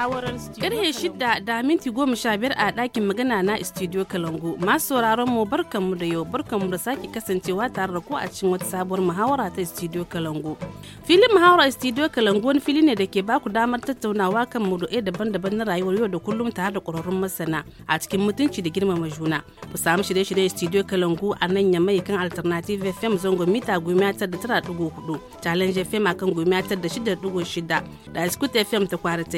muhawarar studio karhe shida da minti goma sha biyar a ɗakin magana na studio kalangu masu sauraron mu barkanmu da yau barkanmu da sake kasancewa tare da ku a cikin wata sabuwar muhawara ta studio kalangu filin muhawara studio kalangu wani fili ne da ke baku damar tattaunawa kan maudu'ai daban-daban na rayuwar yau da kullum tare da ƙwararrun masana a cikin mutunci da girmama juna ku samu shirye shiryen studio kalangu a nan ya mai kan alternative fm zango mita goma da tara ɗigo hudu challenge fm akan goma da shida ɗigo shida da scoot fm ta kwara ta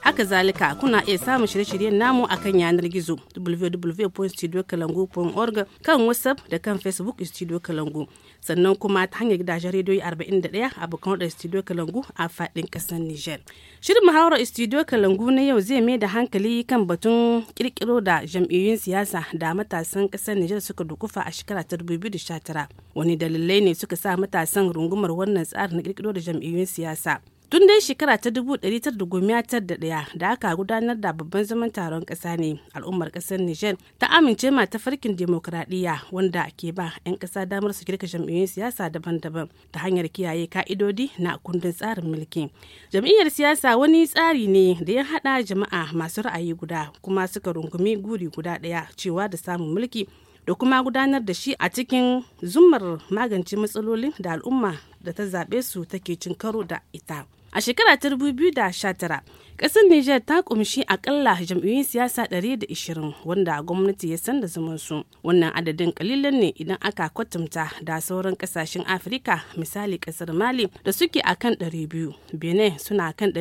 haka zalika kuna iya samun shirye-shiryen namu a kan yanar gizo www.studiokalangu.org kan whatsapp da kan facebook studio kalangu sannan kuma ta hanyar gidajen rediyoyi 41 a bukan da studio kalangu a fadin kasar niger shirin muhawarar studio kalangu na yau zai mai da hankali kan batun kirkiro da jam'iyyun siyasa da matasan kasar niger suka dukufa a shekara ta 2019 wani dalilai ne suka sa matasan rungumar wannan tsarin kirkiro da jam'iyyun siyasa tun dai shekara ta dubu tar da ɗaya da aka gudanar da babban zaman taron ƙasa ne al'ummar ƙasar niger ta amince ma farkin demokradiyya wanda ke ba 'yan ƙasa damar su girka jam'iyyun siyasa daban-daban ta hanyar kiyaye ka'idodi na kundin tsarin mulki jam'iyyar siyasa wani tsari ne da ya haɗa jama'a masu ra'ayi guda kuma suka rungumi guri guda ɗaya cewa da samun mulki da kuma gudanar da shi a cikin zumar magance matsalolin da al'umma da ta zaɓe su take cin karo da ita. A shekara ta 2019, ƙasar Nijar ta kumshi akalla jam'iyyun siyasa da 120 wanda gwamnati ya sanda da su. Wannan adadin kalilan ne idan aka kwatanta da sauran ƙasashen Afirka misali ƙasar Mali da suke a kan 200, Benin suna kan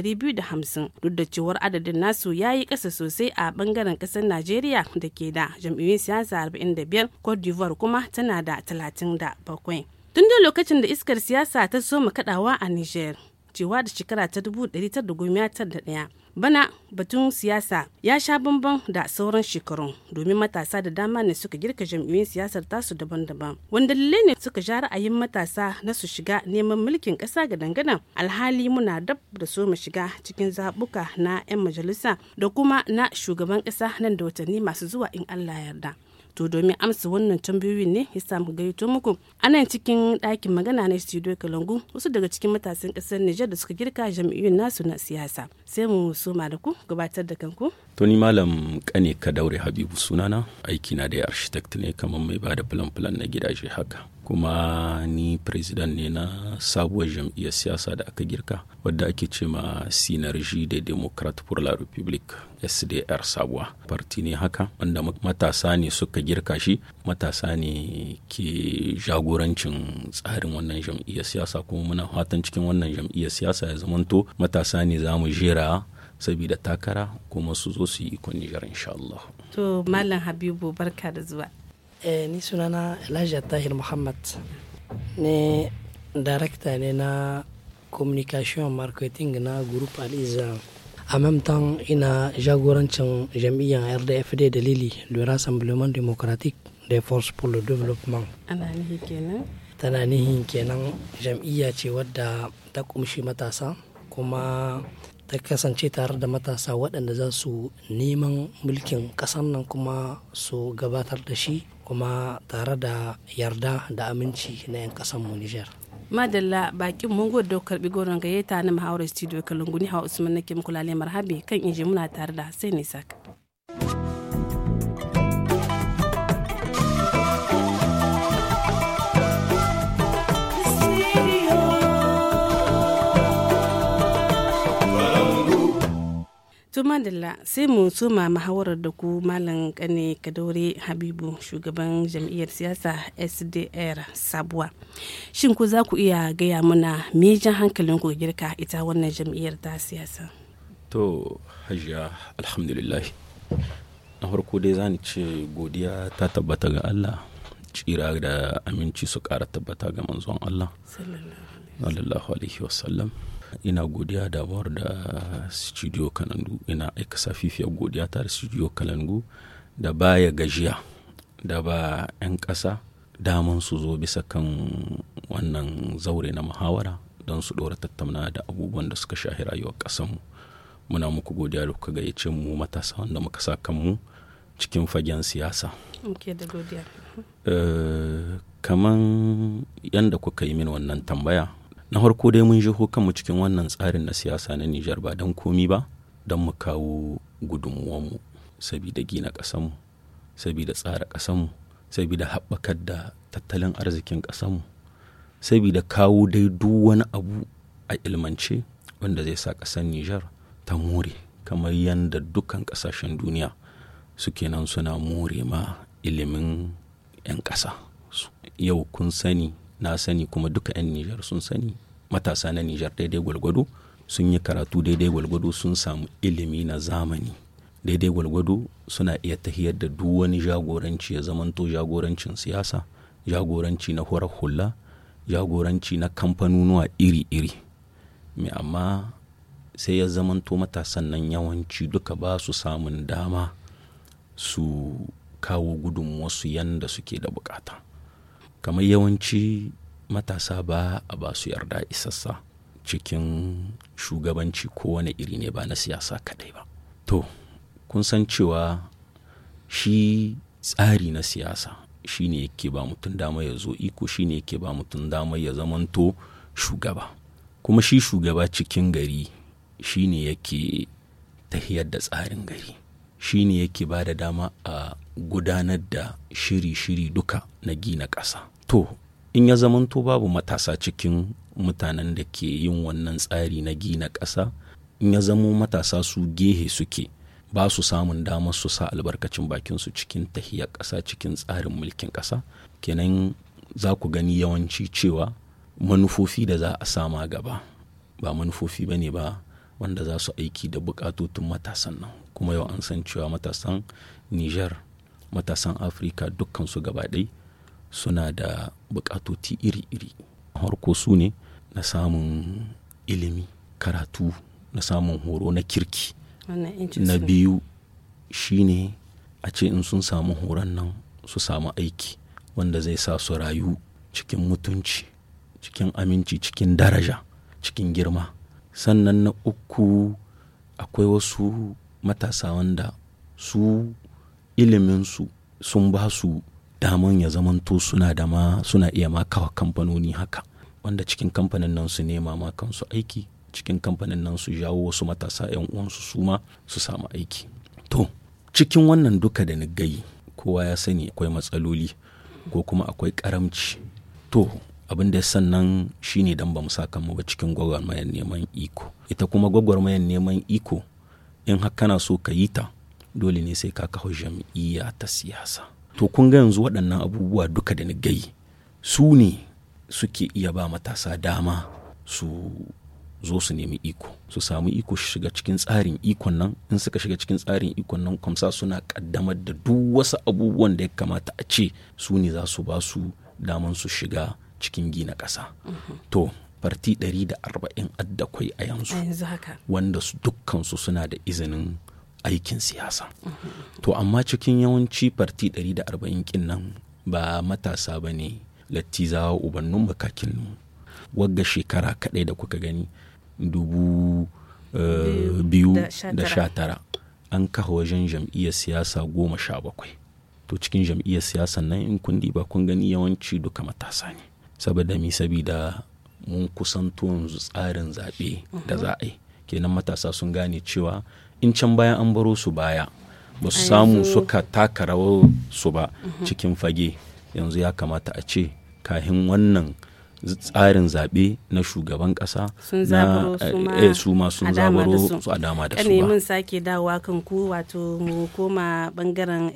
hamsin. duk da cewar adadin nasu ya yi ƙasa sosai a bangaren ƙasar Najeriya da ke da jam'iyyun siyasa 45, Cote d'Ivoire kuma tana da talatin 37. Tun da lokacin da iskar siyasa ta so kaɗawa a Nijar. cewa da shekara ta 1991 bana batun siyasa ya sha bamban da sauran shekarun domin matasa da dama ne suka girka jam'iyyun siyasar tasu daban-daban wanda lalle ne suka ja ra'ayin matasa na su shiga neman mulkin ƙasa ga dangana alhali muna dab da so mu shiga cikin zabuka na 'yan majalisa da kuma na shugaban ƙasa nan da watanni masu zuwa in allah yarda to domin amsa wannan tambayoyin ne ya samu gaito muku anan cikin ɗakin magana na studio kalangu wasu daga cikin matasan ƙasar nijar da suka girka jam'iyyun nasu na siyasa sai mu soma da ku gabatar da kanku toni malam kane ka daure habibu sunana aiki na da architect ne kamar mai ba da filan-filan na gidaje haka kuma ni president ne na sabuwar jam'iyyar siyasa da aka girka wadda ake ce ma sinarji da democrat pour la republique sdr sabuwa parti ne haka wanda matasa ne suka girka shi matasa ne ke jagorancin tsarin wannan jam'iyyar siyasa kuma muna fatan cikin wannan jam'iyyar siyasa ya zamanto matasa ne za mu jera saboda takara kuma su zo su yi ikon nijar insha Allah. To Malam Habibu barka da zuwa. Eh, ni sunana Elijah Tahir Muhammad ne director ne na communication marketing na group Aliza a même temps ina jagorancin jam'iyyar RDFD dalili le Rassemblement Démocratique des Forces pour le Développement. Ana kenan? Tana kenan jam'iyya ce wadda ta kumshi matasa kuma ta kasance tare da matasa waɗanda za su neman mulkin ƙasar nan kuma su gabatar da shi kuma tare da yarda da aminci na 'yan ƙasar mu Nijar. madalla bakin mun gode karbi goron gayyata na muhawarar studio kalunguni Hausman usman nake muku lalle marhabi kan inji muna tare da sai ne saka Tuma Dalla sai mu soma mahawarar da ku Malam Kane Kadore Habibu shugaban jam'iyyar siyasa SDR Sabuwa. Shin ku za ku iya gaya muna mejan hankalin ku girka ita wannan jam'iyyar ta siyasa? To hajiya alhamdulillah. Na farko dai zani ce godiya ta tabbata ga Allah. tsira da aminci su ƙara tabbata ga manzon Allah. Sallallahu alaihi wasallam. ina godiya da war da studio kalangu ina aika safifiyar godiya ta da studio kalangu da baya gajiya da ba 'yan ƙasa daman su zo bisa kan wannan zaure na muhawara don su ɗora tattauna da abubuwan da suka shahi rayuwar ƙasanmu muna muku godiya da kuka gayyace mu matasa wanda muka sa kanmu cikin fagen siyasa eh, kaman yadda kuka yi min wannan tambaya na farko dai mun jiho kanmu cikin wannan tsarin na siyasa na nijar ba don komi ba don mu kawo gudunmuwanmu sabida gina ƙasanmu sabida tsara ƙasanmu sabida haɓakar da tattalin arzikin ƙasanmu sabida kawo dai duk wani abu a ilmance wanda zai sa ƙasar nijar ta more kamar yadda dukkan ƙasashen duniya suke nan suna more ma ilimin 'yan ƙasa yau kun sani na sani kuma duka 'yan nijar sun sani matasa na nijar daidai gwalgwado sun yi karatu daidai gwalgwado sun samu ilimi na zamani daidai gwalgwado suna iya tahiyar da duk wani jagoranci ya zamanto jagorancin siyasa jagoranci na horar hula jagoranci na kamfanonuwa iri-iri mai amma sai ya zamanto matasan nan yawanci duka ba su samun dama su kawo wasu yanda suke da bukata kamar yawanci matasa ba a ba su yarda isassa cikin shugabanci kowane iri ne ba na siyasa kadai ba to kun san cewa shi tsari na siyasa shi ne yake ba mutum dama ya zo iko shi ne yake ba mutum dama ya zamanto shugaba kuma shi shugaba cikin gari shi ne yake tahiyar da tsarin gari shi ne yake ba da dama a gudanar da shiri-shiri duka na gina ƙasa to in ya zamanto babu matasa cikin mutanen da ke yin wannan tsari na gina ƙasa in ya zamo matasa su gehe suke ba su samun damar su sa albarkacin bakin su cikin tahiyar ƙasa cikin tsarin mulkin ƙasa kenan za ku gani yawanci cewa manufofi da za a sama gaba ba manufofi ba ne ba wanda za su aiki da bukatutun matasan nan kuma yau an san cewa matasan nijar. matasan afirka dukkansu gabaɗai suna da buƙatoci iri-iri harko su ne na samun ilimi karatu na samun horo na kirki na biyu shine a ce in sun samu horon nan su samu aiki wanda zai sa su rayu cikin mutunci cikin aminci cikin daraja cikin girma sannan na uku akwai wasu matasa wanda su iliminsu sun ba su daman ya zamanto suna da ma suna iya makawa kamfanoni haka wanda cikin kamfanin nan su nema ma kansu aiki cikin kamfanin nan su jawo wasu matasa 'yan uwansu su ma su samu aiki to cikin wannan duka da nigayi kowa ya sani akwai matsaloli ko kuma akwai karamci to abin da sannan shine dan ba mu saka mu ba cikin gwagwarmayar neman iko ita kuma gwagwarmayar neman iko in har kana so ka yi ta dole ne sai ka kawo jam'iyya ta siyasa to kun ga yanzu waɗannan abubuwa duka da ni gai su ne suke iya ba matasa dama su zo su nemi iko su samu iko shiga cikin tsarin ikon nan in suka shiga cikin tsarin ikon nan kwamsa suna kaddamar da duk wasu abubuwan da ya kamata a ce su ne za su ba su daman su shiga cikin gina ƙasa to farti 140 addakwai a yanzu wanda dukkansu suna da izinin aikin siyasa to amma cikin yawanci farti 140 kin nan ba matasa ba ne lattizawa ubannin bakakin wagga shekara kaɗai da kuka gani dubu eh, biyu da sha tara an kawo wajen jam'iyyar siyasa goma sha bakwai to cikin jam'iyyar siyasa nan in kundi ba kun gani yawanci duka matasa ne saboda mi sabida mun kusanto yanzu tsarin zaɓe da za a yi kenan matasa sun gane cewa in can bayan an baro su baya ba su samu suka taka rawar su ba mhm. cikin fage yanzu ya kamata a ce kahin wannan tsarin zaɓe na shugaban ƙasa na eh, eh, su ma sun zabaro su a dama da su ba. mun sake dawowa kan ku wato mu koma bangaren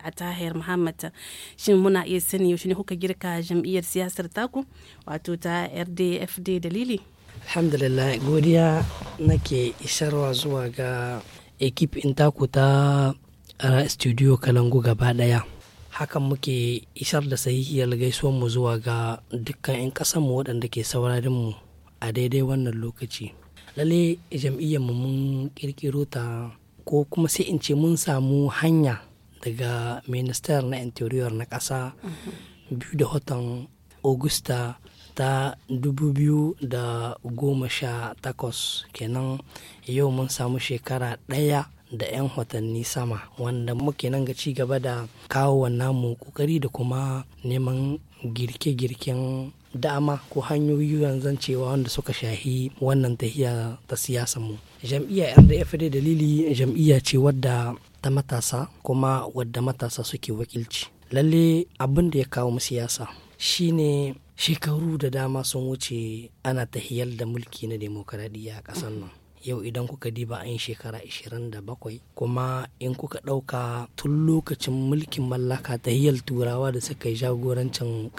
a tahir Muhammad shin muna iya sani yaushe ne kuka girka jam'iyyar siyasar taku wato ta RDFD dalili? alhamdulillah godiya nake isarwa zuwa ga ekip intaku ta studio kalangu gaba daya hakan muke isar da sahihiyar mu zuwa ga dukkan 'yan mu waɗanda ke mu a daidai wannan lokaci lalle mu mun kirkiro ta ko kuma sai in ce mun samu hanya daga minister na interior na ƙasa mhm. biyu da watan augusta ta 2018 kenan yau mun samu shekara ɗaya da 'yan watanni sama wanda muke nan ga ci gaba da kawo namu kokari da kuma neman girke-girken dama ko hanyoyi yanzu cewa wanda suka shahi wannan tahiya ta siyasa mu jam'iyya yan da dalili jam'iyya ce wadda ta matasa kuma wadda matasa suke wakilci lalle abin da ya kawo mu siyasa shine shekaru da dama sun wuce ana tahiyar da mulki na demokaradiyya a ƙasar nan yau idan kuka diba an shekara 27 kuma in kuka ɗauka tun lokacin mulkin mallaka ta hiyar turawa da suka yi jagorancin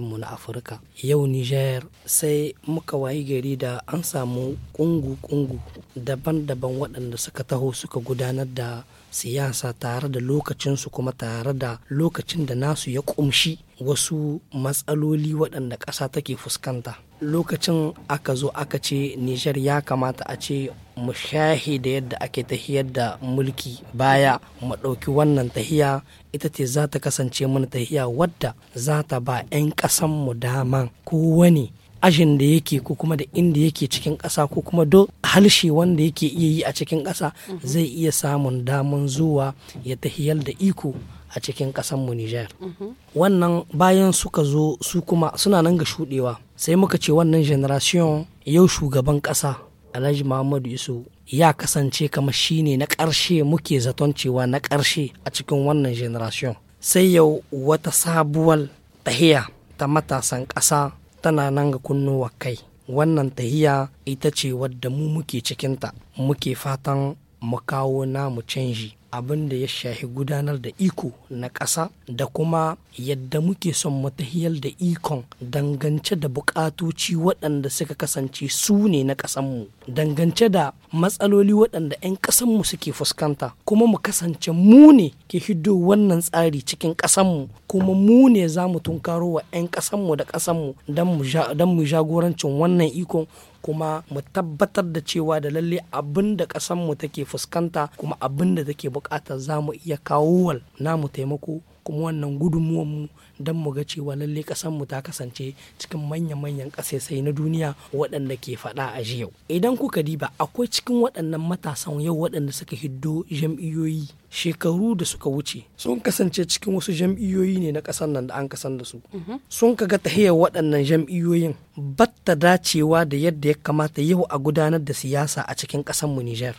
mu na afirka yau niger sai muka wayi gari da an samu kungu-kungu daban-daban waɗanda suka taho suka gudanar da siyasa tare da lokacinsu kuma tare da lokacin da nasu ya kumshi wasu matsaloli waɗanda ƙasa take fuskanta lokacin aka zo aka ce nijar ya kamata a ce mu shahi da yadda ake tahiyar da mulki baya mu ɗauki wannan tahiya ita ce za ta kasance mana tahiya wadda za ta ba 'yan ƙasanmu dama wani ajin da yake ko kuma da inda yake cikin ƙasa ko kuma do halshe wanda yake iya yi a cikin ƙasa mhm. zai iya samun daman zuwa ya tahiyar da iko a cikin mu Nijar. Mhm. Wannan bayan suka zo su kuma suna nan ga shuɗewa sai muka ce wannan generation yau shugaban ƙasa Alhaji Muhammadu Isu ya kasance kamar shine na ƙarshe muke zaton cewa na ƙarshe a cikin wannan generation. Sai yau wata sabuwar tahiya ta matasan ƙasa tana nan ga kunnuwa kai wannan tahiya ita ce wadda mu muke cikinta muke fatan mu kawo namu canji abin da ya shahi gudanar da iko na ƙasa da kuma yadda muke son matahiyar da ikon dangance da buƙatoci waɗanda suka kasance su ne na ƙasanmu dangance da matsaloli waɗanda 'yan ƙasanmu suke fuskanta kuma mu kasance mu ne ke hiddo wannan tsari cikin ƙasanmu kuma mu ne za mu tunkaro wa 'yan ƙasanmu da ƙasanmu don mu jagorancin wannan ikon kuma mu tabbatar da cewa da lalle abin da mu take fuskanta kuma abin da take bukata za mu iya kawo wal namu taimako kuma wannan gudunmuwanmu don mu ga cewa lalle kasan mu ta kasance cikin manya-manyan ƙasaisai na duniya waɗanda ke faɗa a yau idan kuka diba akwai cikin waɗannan matasan yau waɗanda suka hiddo jam'iyyoyi shekaru da suka wuce sun kasance cikin wasu jam'iyyoyi ne na ƙasar nan da an kasan da su mhm. sun kaga tahiyar waɗannan jam'iyyoyin batta dacewa da yadda ya kamata yau a gudanar da siyasa a cikin mu Nijar.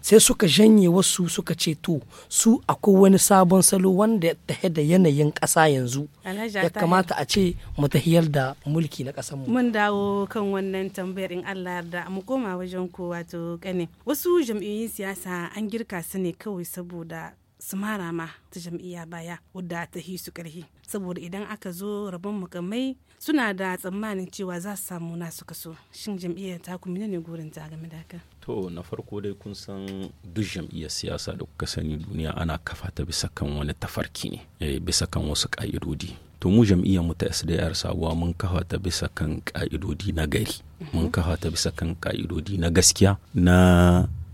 Sai suka janye wasu suka ce to su akwai wani sabon salo wanda ya tahe da yanayin ƙasa yanzu yanzu ya kamata a ce mu tahiyar da mulki na ƙasar mu mun dawo kan wannan tambayar in Allah yarda mu koma wajen ko wato kane wasu jam'iyyun siyasa an girka su ne kawai saboda su mara ma ta jam'iyya baya wadda ta hi su karhi saboda idan aka zo rabon mukamai suna da tsammanin cewa za su samu nasu kaso shin jam'iyyar ta kuma ne gurin ta game da haka to na farko dai kun san duk jam'iyyar siyasa da kuka sani duniya ana kafa ta bisa kan wani tafarki ne eh, bisa kan wasu ka'idodi to mu jam'iyyar mu ta SDR sabuwa mun kafa ta bisa kan ka'idodi na gari mhm. mun kafa ta bisa kan ka'idodi na gaskiya na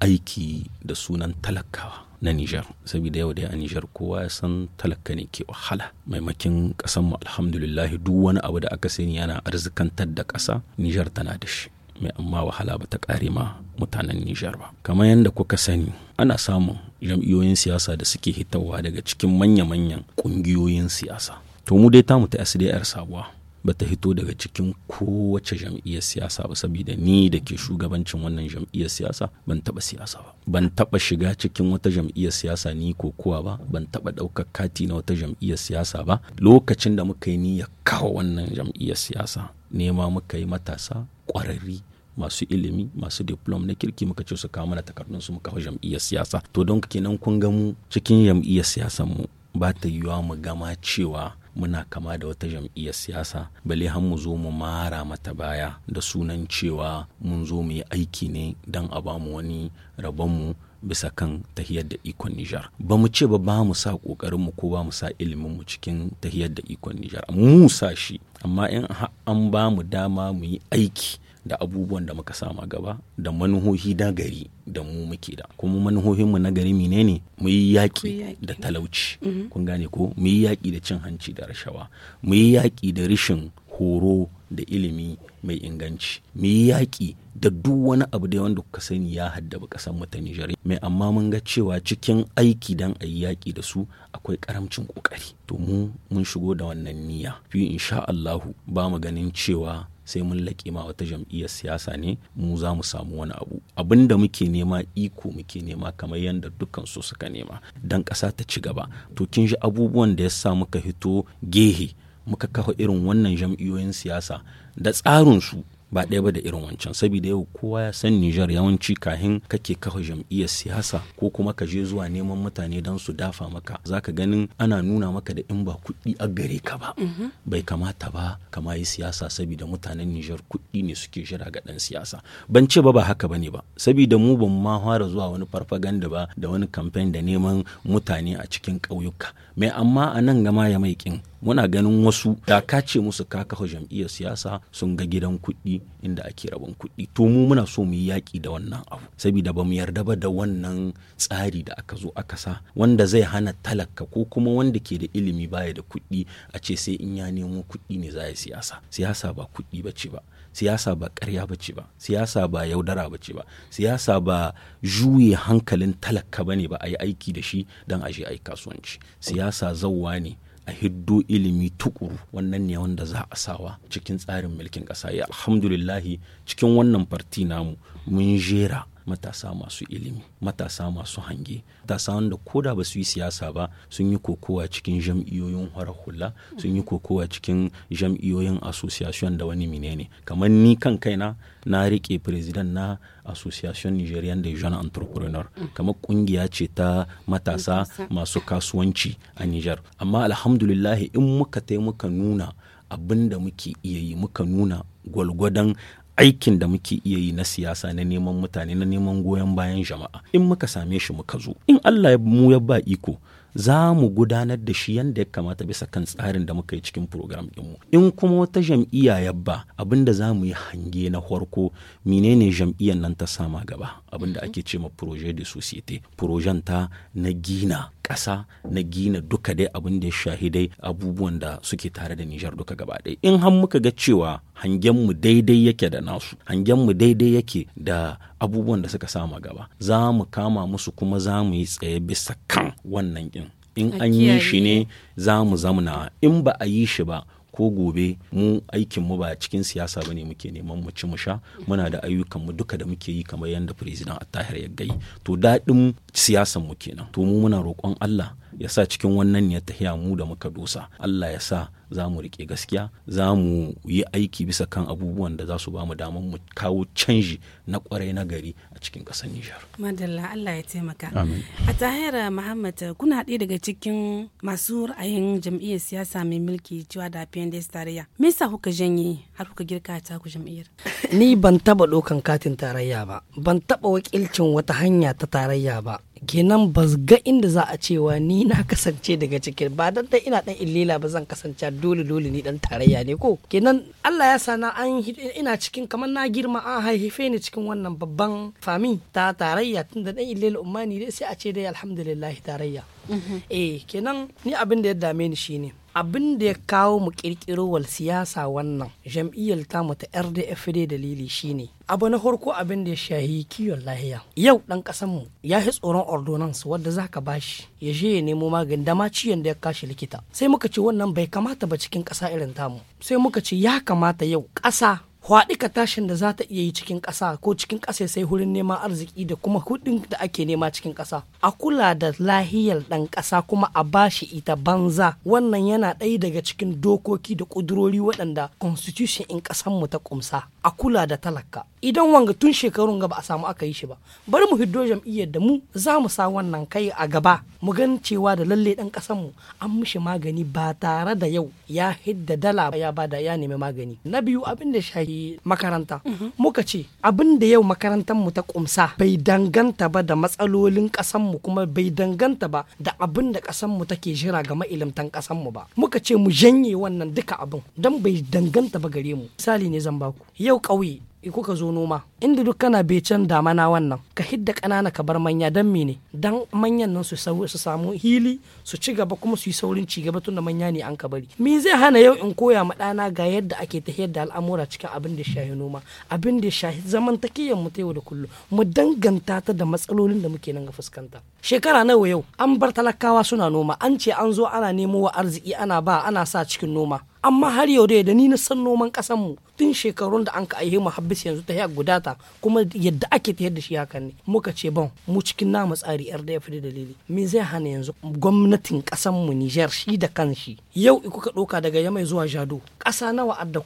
aiki da sunan talakawa na Nijar saboda yau da a Nijar kowa ya san talaka ne ke wahala maimakin ƙasar mu alhamdulillah duk wani abu da aka sani yana arzikantar da ƙasa Nijar tana da shi mai amma wahala ba ta ƙare ma mutanen Nijar ba kamar yadda kuka sani ana samun jam'iyoyin siyasa da suke hitawa daga cikin manya-manyan ƙungiyoyin siyasa to mu dai tamu ta SDR sabuwa ba ta hito daga cikin kowace jam'iyyar siyasa ba saboda ni da ke shugabancin wannan jam'iyyar siyasa ban taba siyasa ba ban taba shiga cikin wata jam'iyyar siyasa ni ko kuwa ba ban taba daukar kati na wata jam'iyyar siyasa ba lokacin da muka yi ni ya kawo wannan jam'iyyar siyasa nema muka yi matasa ƙwararri masu ilimi masu diplom na kirki muka ce su kawo mana takardun su muka hau jam'iyyar siyasa to don kenan kun ga mu cikin jam'iyyar siyasa mu ba ta yiwa mu gama cewa muna kama da wata jam'iyyar siyasa bale har mu zo mu mara mata baya da sunan cewa mun zo mu yi aiki ne don a ba mu wani rabonmu bisa kan tahiyar da ikon Nijar. Ba mu ce ba ba mu sa ƙoƙarin mu ko ba mu sa ilimin mu cikin tahiyar da ikon Nijar. Mu sa shi amma in an ba mu dama mu yi aiki da abubuwan da muka sama gaba da manuhohi na gari da mu muke da kuma manuhohinmu na gari menene mu yi yaƙi da talauci mm-hmm. kun gane ko mu yi yaƙi da cin hanci da rashawa mu yi yaƙi da rishin horo da ilimi mai inganci mu yi yaƙi da duk wani abu da wanda kuka sani ya haddaba ƙasar mu ta Nijar mai amma mun ga cewa cikin aiki dan ayi yaƙi da su akwai ƙaramcin ƙoƙari to mu mun shigo da wannan niyya fi insha Allahu ba mu ganin cewa sai mun laƙe ma wata jam'iyyar siyasa ne mu za mu samu wani abu abin da muke nema iko muke nema kamar yadda dukkan su suka nema don ƙasa ta ci gaba to kin ji abubuwan da ya sa muka hito gehe muka kafa irin wannan jam'iyoyin siyasa da tsarin su ba ɗaya ba da irin wancan saboda yau kowa ya san Nijar yawanci kahin kake kafa jam'iyyar siyasa ko kuma ka je zuwa neman mutane don su dafa maka zaka ganin ana nuna maka da in ba kuɗi a gare ka ba mm-hmm. bai kamata ba kama yi siyasa saboda mutanen Nijar kuɗi ne suke jira ga ɗan siyasa ban ce ba ba haka ne ba saboda mu ban ma fara zuwa wani farfaganda ba da wani kamfen da neman mutane a cikin ƙauyuka mai amma a nan gama ya mai kin muna ganin wasu da ka ce musu ka kafa jam'iyyar siyasa sun ga gidan kuɗi inda ake rabon kuɗi to mu muna so mu yi yaƙi da wannan abu saboda ba mu yarda ba da wannan tsari da aka zo aka sa wanda zai hana talaka ko kuma wanda ke da ilimi baya da kuɗi a ce sai in ya nemo kuɗi ne za ya siyasa siyasa ba kuɗi ba ce ba siyasa ba ƙarya ba ce ba siyasa ba yaudara ba ce ba siyasa ba juye hankalin talaka ba ne ba a yi aiki da shi don a je a yi kasuwanci siyasa zauwa ne a hiddo ilimi tukuru wannan ne wanda za a sawa cikin tsarin mulkin ƙasa ya alhamdulillahi cikin wannan farti namu mun jera matasa masu ilimi matasa masu hange matasa wanda koda ba su yi siyasa ba sun yi kokowa cikin jam'iyoyin hula hula sun yi kokowa cikin jam'iyoyin association da wani mine ne kamar ni kan kaina na rike president na association nigerian de jeune entrepreneur kamar kungiya ce ta matasa masu kasuwanci a niger amma alhamdulillah in muka tai muka nuna abin da muke iya yi muka nuna gwalgwadon aikin da muke iya yi na siyasa na neman mutane na neman goyon bayan jama'a in muka same shi muka zo in Allah mu ya ba iko za mu gudanar da shi yadda ya kamata bisa kan tsarin da muka yi cikin program ɗinmu in kuma wata jam'iyya ya ba abinda za mu yi hange na farko menene jam'iyyar nan ta sama gaba abin da ake ce ma projet de société projen ta na gina ƙasa na gina duka dai abin da ya shahi dai abubuwan da suke tare da Nijar duka gaba ɗaya in har muka ga cewa hangen mu daidai yake da nasu hangen mu daidai yake da abubuwan da suka sama gaba za mu kama musu kuma za mu yi tsaye bisa kan wannan in in an yi shi ne za mu zamna in ba a yi shi ba ko gobe mu aikin mu ba cikin siyasa bane muke neman mu ci mu sha muna da ayyukan mu duka da muke yi kamar yadda president Attahir ya gai to daɗin siyasan mu kenan to mu muna roƙon Allah ya sa cikin wannan ya tahiya mu da muka dosa Allah ya sa za mu riƙe gaskiya za mu yi aiki bisa kan abubuwan da za su ba mu damar mu kawo canji na ƙwarai na gari cikin ƙasar Nijar. Madalla Allah ya taimaka. Amin. A tahira Muhammad kuna ɗaya daga cikin masu ra'ayin jam'iyyar siyasa mai mulki cewa da PNDS tarayya. Me yasa kuka janye har kuka girka ta ku jam'iyyar? Ni ban taba ɗaukan katin tarayya ba. Ban taɓa wakilcin wata hanya ta tarayya ba. kenan ba ga inda za a cewa ni na kasance daga cikin ba dan ina dan illila ba zan kasance dole dole ni dan tarayya ne ko kenan Allah ya na an ina cikin kamar na girma an haife ni cikin wannan babban fami ta tarayya tunda dan illila umma dai sai a ce dai alhamdulillah tarayya mhm. eh kenan ni abin da ya dame ni shine abin da ya kawo mu kirkirowar siyasa wannan jam'iyyar tamu ta rdf dai dalili shine abu na farko abin da ya shahi kiwon lahiya yau dan kasan mu ya yi tsoron ordonance wadda zaka bashi ya je ya nemo magani da ma ciyon da ya kashi likita sai muka ce wannan bai kamata ba cikin kasa irin tamu sai muka ce ya kamata yau kasa ka tashin da za ta iya yi cikin ƙasa ko cikin ƙasa sai hurin neman arziki da kuma kuɗin da ake nema cikin ƙasa a kula da lahiyar ɗan ƙasa kuma a bashi ita banza wannan yana ɗaya daga cikin dokoki da ƙudurori waɗanda constitution in ƙasanmu ta ƙumsa a kula da talaka idan wanga tun shekarun gaba a samu aka yi shi ba bari mu hiddo jam'iyyar da mu za mu sa wannan kai a gaba mu gan cewa da lalle ɗan ƙasanmu an mishi magani ba tare da yau ya hidda dala ya bada ya nemi magani na biyu abin da yi makaranta muka ce abin da yau makarantarmu ta kumsa bai danganta ba da matsalolin kasanmu kuma bai danganta ba da abin da kasan take jira ga mailimtan kasanmu ba muka ce mu janye wannan duka abin don bai danganta ba gare mu misali ne zan baku yau ƙauye kuka zo noma inda duk kana becen damana wannan ka hidda kanana ka bar manya dan mene dan manyan nan su samu hili su ci gaba kuma su yi saurin ci gaba tunda manya ne an ka bari me zai hana yau in koya ma ɗana ga yadda ake ta da al'amura cikin abin da shahi noma abin da shahi zamantakiyar mu ta yau da kullum mu danganta ta da matsalolin da muke nan ga fuskanta shekara nawa yau an bar talakawa suna noma an ce an zo ana nemo wa arziki ana ba ana sa cikin noma amma har yau da ni na san noman kasan mu tun shekarun da an ka aihe mu habbis yanzu ta guda ta kuma yadda ake tayar da shi hakan ne muka ce ban mu cikin namu tsari yar da ya fi dalili me zai hana yanzu gwamnatin kasan mu Niger shi da kan shi. yau ka ɗauka daga Yamai zuwa Jado ƙasa nawa adda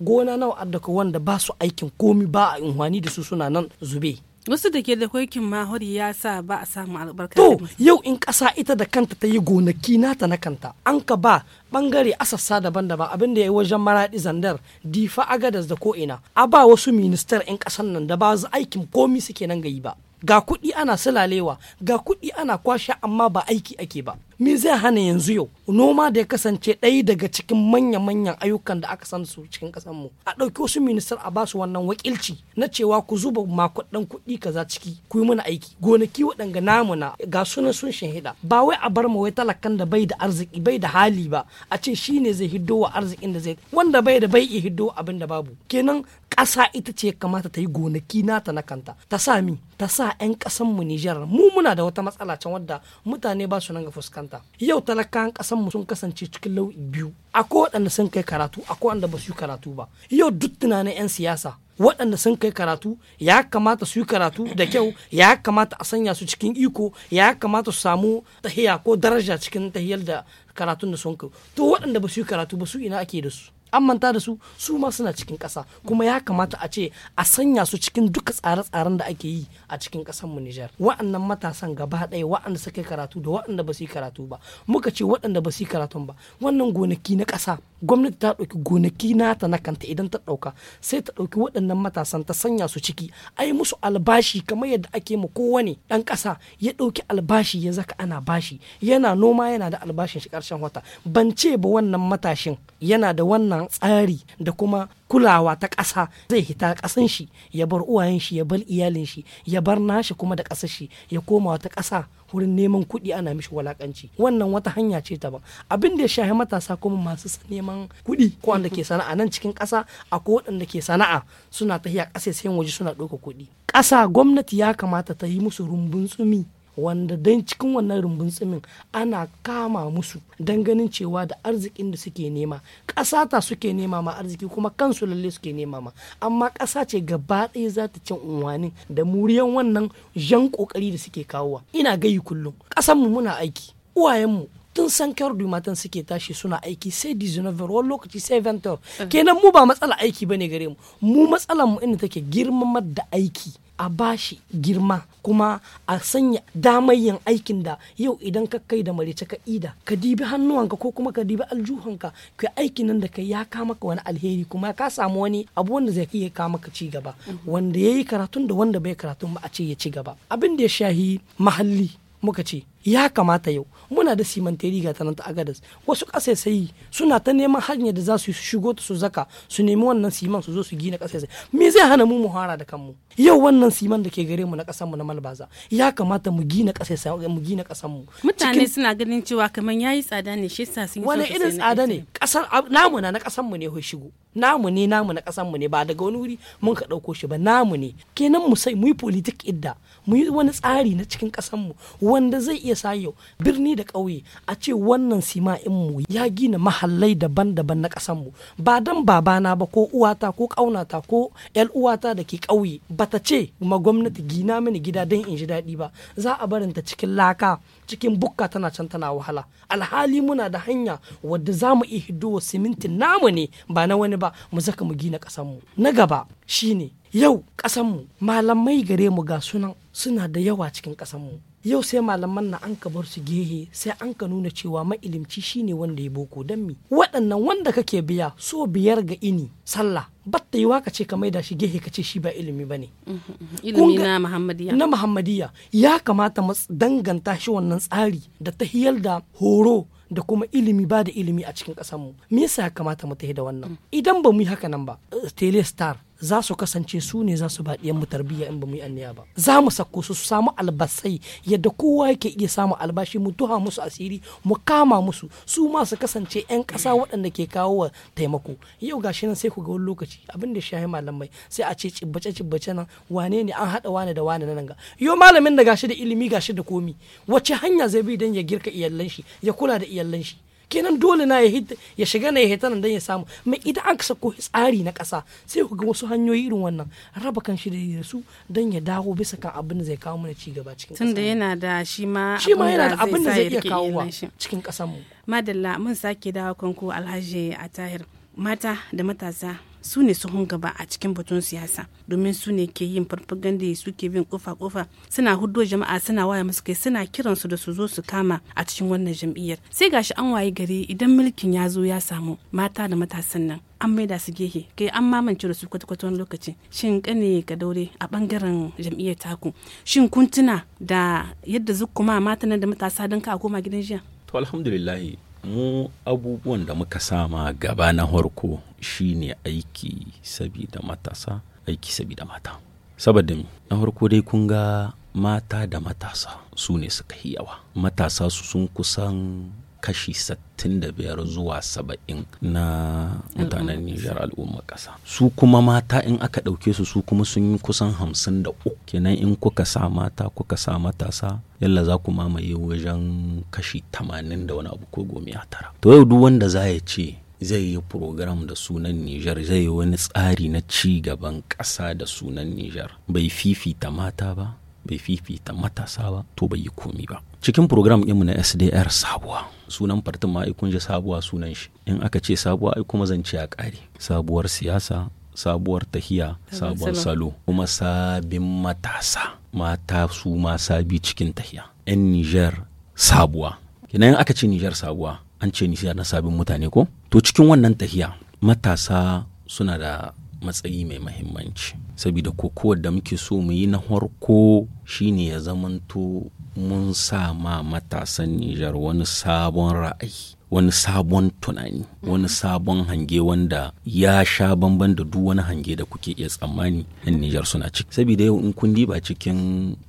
gona nawa adda wanda ba su aikin komi ba a unhwani da su suna nan zube wasu da ke da kwaikin mahori ya sa ba a samu albarka to yau in ƙasa ita da kanta ta yi gonaki nata na kanta an ka ba bangare asassa daban-daban abin da ya yi wajen maraɗi zandar difa agadas da ko'ina a ba wasu minister in ƙasan nan da ba su aikin komi suke nan gayi ba ga kuɗi ana sulalewa ga kuɗi ana kwashe amma ba aiki ake ba me zai hana yanzu yau noma da ya kasance ɗaya daga cikin manya-manyan ayyukan da aka san su cikin ƙasar mu a ɗauki wasu minista a basu wannan wakilci na cewa ku zuba makudan kuɗi kaza ciki ku yi mana aiki gonaki waɗanga namu na ga sunan sun shahida ba wai a bar mu wai talakan da bai da arziki bai da hali ba a ce shi ne zai hiddo wa arzikin da zai wanda bai da bai iya hiddo abin da babu kenan ƙasa ita ce ya kamata ta yi gonaki nata na kanta ta sami ta sa 'yan mu Nijar mu muna da wata matsala can wadda mutane ba su nan ga fuskanta makaranta yau talakan kasan mu sun kasance cikin lau'i biyu akwai waɗanda sun kai karatu akwai waɗanda ba su yi karatu ba yau duk tunanin 'yan siyasa waɗanda sun kai karatu ya kamata su yi karatu da kyau ya kamata a sanya su cikin iko ya kamata su samu tahiya ko daraja cikin tahiyar da karatun da sun kai to waɗanda ba su yi karatu ba su ina ake da su an manta da su su ma suna cikin ƙasa kuma ya kamata a ce a sanya su cikin duka tsare-tsaren da ake yi a cikin mu Nijar wa'annan matasan gaba ɗaya wa'anda suka karatu da wa'anda ba su karatu ba muka ce waɗanda ba su yi karatun ba wannan gonaki na ƙasa gwamnati ta ɗauki gonaki nata na kanta idan ta ɗauka sai ta ɗauki waɗannan matasan ta sanya su ciki a yi musu albashi kamar yadda ake ma kowane ɗan ƙasa ya ɗauki albashi ya zaka ana bashi yana noma yana da albashin shi ƙarshen wata ban ce ba wannan matashin yana da wannan tsari da kuma kulawa ta ƙasa zai hita ƙasan shi ya bar uwayen shi ya bar iyalin shi ya bar nashi kuma da ƙasar shi ya koma wata ƙasa wurin neman kuɗi ana mishi walakanci wannan wata hanya ce ta ban abin da ya shahi matasa kuma masu neman kuɗi ko wanda ke sana'a nan cikin ƙasa a akwai waɗanda ke sana'a suna tahiya ƙasa sai waje suna ɗauka kuɗi ƙasa gwamnati ya kamata ta yi musu rumbun tsumi wanda don cikin wannan rumbun tsimin ana kama musu dan ganin cewa da arzikin da suke nema ƙasa ta suke nema ma arziki kuma kansu lalle suke nema ma amma ƙasa ce gaba ɗaya za ta cin unwani da muriyan wannan jan ƙoƙari da suke kawowa ina gayi kullum ƙasanmu muna aiki uwayenmu tun san kawar du matan suke tashi suna aiki sai 19 wani lokaci sai 20 eh. kenan mu ba matsala aiki bane gare mu mu matsalar mu inda take girmamar da aiki a bashi girma kuma a sanya damar yin aikin da yau idan ka kai da marice ka ida ka dibi hannuwanka ko kuma ka dibi aljuhanka ka aikin nan da kai ya kama ka wani alheri kuma ka samu wani abu wanda zai iya kama ka ci gaba mhm. wanda yayi karatun da wanda bai karatun ba a ce ya ci gaba abin da ya shahi mahalli muka ce ya kamata yau muna da simanteri ga ta nan ta agadas wasu sai suna ta neman hanyar da za su shigo ta su zaka su nemi wannan siman su zo su gina sai me zai hana mu muhara da kanmu yau wannan siman da ke gare mu na kasan mu na malbaza ya kamata mu gina sai mu gina kasan mu mutane suna ganin cewa kamar yayi tsada ne shi yasa sun wani irin tsada ne kasar namu na na kasan mu ne ho shigo namu ne namu na kasan mu ne ba daga wani wuri mun ka dauko shi ba namu ne kenan mu sai mu yi politik idda mu yi wani tsari na cikin mu wanda zai iya sa yau birni da ƙauye a ce wannan sima'inmu ya gina mahallai daban-daban na mu ba dan babana ba ko uwata ko ƙaunata ko 'yar uwata da ke ƙauye bata ce ma gwamnati gina mini gida don in ji daɗi ba za a barinta cikin laka cikin bukka tana can tana wahala alhali muna da hanya wadda za mu iya hidowa simintin namu ne ba na wani ba mu saka mu gina ƙasanmu na gaba shine yau ƙasanmu malamai gare mu ga sunan suna da yawa cikin ƙasanmu yau sai malaman na an ka bar su gehe sai an ka nuna cewa mailimci shine wanda ya boko don mi waɗannan wanda kake biya so biyar ga ini sallah batta yiwa ka ce ka maida shi gehe ka ce shi ba ilimi ba ne. Mm-hmm. Ilimi na Muhammadiyya. Na Muhammadiyya ya kamata mu danganta shi wannan tsari da ta hiyar da horo da kuma ilimi ba da ilimi a cikin ƙasarmu. Me yasa ya kamata mu tahi da wannan? Mm. Idan ba mu yi haka nan ba, eh, Telestar za su kasance su ne za su baɗi mu tarbiyya in ba mu yi anniya ba za mu sako su su samu albasai yadda kowa yake iya samu albashi mu duha musu asiri mu kama musu su ma su kasance yan ƙasa waɗanda ke kawo wa taimako yau gashi nan sai ku ga wani lokaci abin da shahi malamai sai a ce cibbace cibbace nan wane ne an haɗa wane da wane nan ga yau malamin da gashi da ilimi gashi da komi wace hanya zai bi dan ya girka iyallan shi ya kula da iyallan shi kenan dole na ya shiga na ya hita nan don ya samu mai idan aka sako tsari na ƙasa sai ku ga wasu hanyoyi irin wannan raba kan shi da su don ya dawo bisa kan abin da zai kawo mana ci gaba cikin tunda yana da shi ma shi ma yana da abin da zai iya kawo cikin kasanmu. mu madalla mun sake dawo kanku alhaji a tahir mata da matasa su ne sahun gaba a cikin batun siyasa domin su ne ke yin farfaganda ke bin kofa kofa suna hudo jama'a suna waya musu kai suna kiran su da su zo su kama a cikin wannan jam'iyyar sai gashi an waye gari idan mulkin ya zo ya samu mata da matasan nan an maida su gehe kai an mamance da su kwata-kwata wani lokaci shin kane ga daure a bangaren jam'iyyar taku shin kuntuna da yadda zukuma mata nan da matasa don ka koma gidan jiya to alhamdulillah mu abubuwan da muka sama gaba na harko shine aiki sabida matasa aiki sabida mata saboda na harko dai kun ga mata da matasa su ne suka yawa matasa su sun kusan kashi 65 zuwa 70 na mutanen Nijar al'umma ƙasa. Su kuma mata in aka ɗauke su su kuma sun yi kusan 53 kenan in kuka sa mata kuka sa matasa yalla za ku mamaye wajen kashi 80 da wani abu ko a tara. To yau duk wanda za ya ce zai yi program da sunan Nijar zai yi wani tsari na ci gaban ƙasa da sunan Nijar bai fifita mata ba bai fifita matasa ba to bai yi komi ba. cikin program ɗinmu na sdr sabuwa sunan fartin ma kun sabuwa sunan shi in aka ce sabuwa ai kuma zance a kare. sabuwar siyasa sabuwar tahiya sabuwar salo kuma sabin matasa mata su ma sabi cikin tahiya 'yan niger sabuwa kenan aka ce niger sabuwa an ce niger na sabin mutane ko to cikin wannan tahiya matasa suna da matsayi mai mahimmanci saboda kokowar da muke so mu yi na harko shine ya zamanto mun sa ma matasan Nijar wani sabon ra'ayi. wani sabon tunani wani sabon hange wanda ya sha bamban da duk wani hange da kuke iya tsammani yan Nijar suna ciki saboda yau in kun diba cikin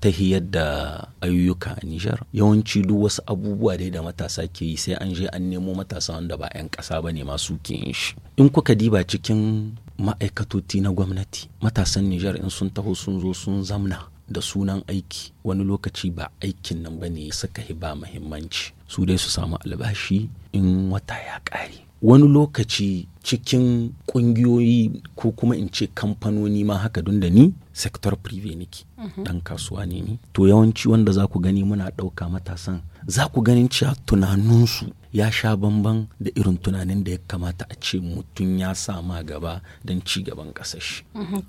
tahiyar da ayyuka a Nijar yawanci duk wasu abubuwa dai da matasa ke yi sai an je an nemo matasa wanda ba 'yan ƙasa ba ne masu ke yin shi in kuka diba cikin ma'aikatoti na gwamnati matasan Nijar in sun taho sun zo sun zamna da sunan aiki wani lokaci ba aikin nan ba ne suka ba muhimmanci su dai su samu albashi in wata ya ƙare wani lokaci cikin ƙungiyoyi ko kuma in ce kamfanoni ma haka dun da ni sektor prive niki mhm. Dan kasuwa ne ni to yawanci wanda za ku gani muna ɗauka matasan za ku ganin cewa tunaninsu ya sha bamban da irin tunanin da ya kamata a ce mutum ya sama gaba don ci gaban ƙasashe. Mhm,